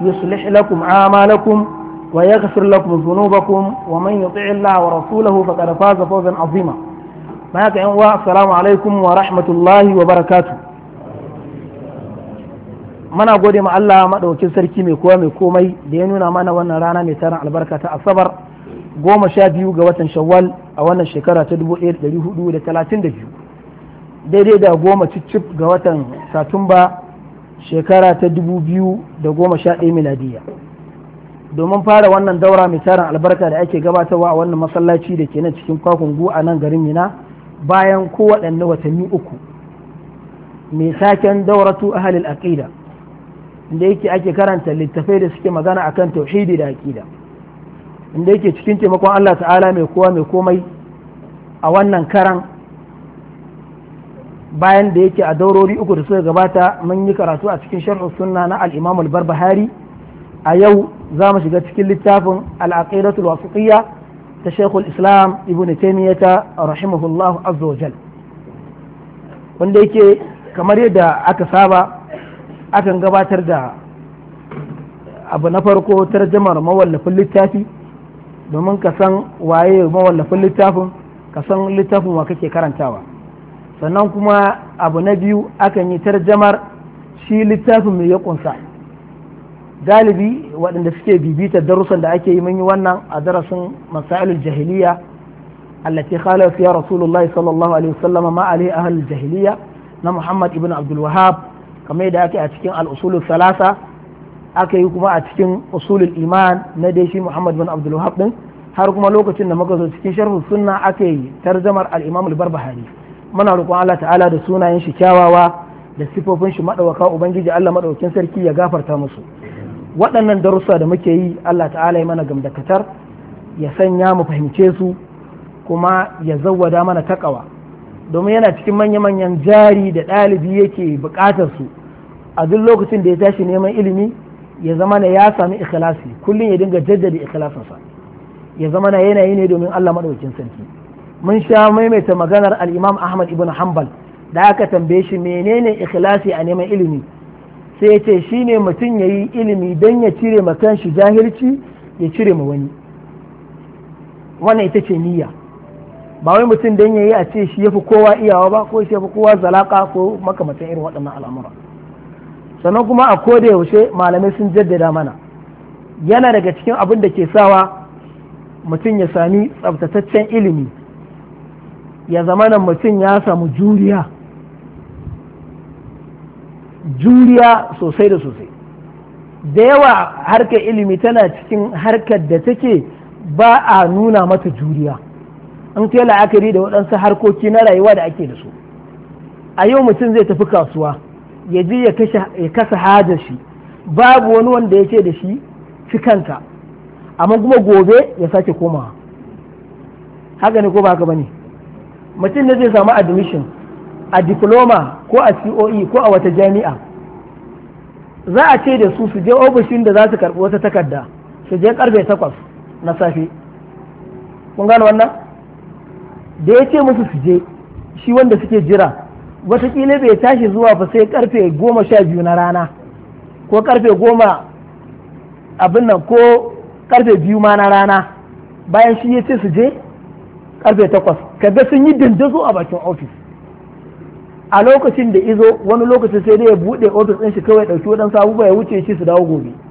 يصلح لكم أعمالكم ويغفر لكم ذنوبكم ومن يطع الله ورسوله فقد فاز فوزا عظيما معك السلام عليكم ورحمة الله وبركاته mana gode ma Allah maɗaukin sarki mai kowa mai komai da ya nuna mana wannan rana mai tarin albarka ta asabar goma sha biyu ga watan shawwal a wannan shekara ta dubu ɗaya da da talatin da biyu daidai da goma cicif ga watan satumba shekara ta dubu biyu da goma sha ɗaya miladiya domin fara wannan daura mai tarin albarka da ake gabatarwa a wannan masallaci da ke nan cikin kwakungu a nan garin mina bayan kowaɗanne watanni uku mai saken dauratu ahalil aqida inda yake ake karanta littafai da suke magana akan tauhidi da aqida inda yake cikin taimakon Allah ta'ala mai kowa mai komai a wannan karan bayan da yake a daurori uku da suka gabata mun yi karatu a cikin sharh sunna na al-Imam al-Barbahari a yau za mu shiga cikin littafin al-Aqidatul Wasiqiyya ta Sheikhul Islam Ibn Taymiyyah rahimahullah azza wa jal wanda yake kamar yadda aka saba akan gabatar da abu na farko tarjamar mawallafin littafi domin ka san waye mawallafin littafin ka san littafin wa kake karantawa sannan kuma abu na biyu akan yi tarjamar shi littafin mai ya kunsa galibi waɗanda suke bibita darussan da ake yi mun yi wannan a darasin masailul jahiliya allati khala fiya rasulullahi sallallahu alaihi wasallam ma alaihi ahlul jahiliya na muhammad ibn abdul wahab kamar yadda ake a cikin al-usulul salasa aka yi kuma a cikin usulul iman na dai shi muhammad ibn abdul wahab din har kuma lokacin da muka zo cikin sharhu sunna aka yi tarjamar al-imam al-barbahari muna roƙon Allah ta'ala da sunayen shi kyawawa da sifofin shi madawaka ubangiji Allah maɗaukin sarki ya gafarta musu waɗannan darussa da muke yi Allah ta'ala ya mana gamdakatar ya sanya mu fahimce su kuma ya zawwada mana takawa domin yana cikin manya-manyan jari da ɗalibi yake buƙatar su a duk lokacin da ya tashi neman ilimi ya zama na ya sami ikhlasi kullum ya dinga jaddada ikhlasinsa ya zama na yanayi ne domin Allah maɗaukin sarki mun sha maimaita maganar alimam ahmad ibn hanbal da aka tambaye shi menene ikhlasi a neman ilimi sai ya ce shine mutum ya yi ilimi don ya cire ma kanshi jahilci ya cire ma wani wannan ita ce niyya ba wai mutum don ya yi a ce shi ya fi kowa iyawa ba ko shi ya fi kowa zalaka ko makamatan irin waɗannan al'amura sannan kuma a koda yaushe malamai sun jaddada mana yana daga cikin abin da ke sawa mutum ya sami tsabtataccen ilimi ya zamana mutum ya samu juriya juriya sosai da sosai da yawa harkar ilimi tana cikin harkar da take ba a nuna mata juriya an kai la'akari da waɗansu harkoki na rayuwa da ake da su a yau mutum zai tafi kasuwa ya je ya kasa haja shi babu wani wanda ya ce da shi cikanka amma kuma gobe ya sake komawa haka ne ko ba haka ba ne mutum ne zai samu admission a diploma ko a coe ko a wata jami'a za a ce da su su je ofishin da za su karɓi wata takarda su je karfe takwas na safe kun gano wannan da ya ce musu su je shi wanda suke jira watakila bai tashi zuwa fa sai karfe goma sha biyu na rana ko karfe goma abin nan ko karfe biyu ma na rana bayan shi ya ce su je karfe takwas kaga sun yi dandazo a bakin ofis a lokacin da izo wani lokacin sai dai ya buɗe ofis ɗin shi kawai ɗauki waɗansu abubuwa ya wuce shi su dawo gobe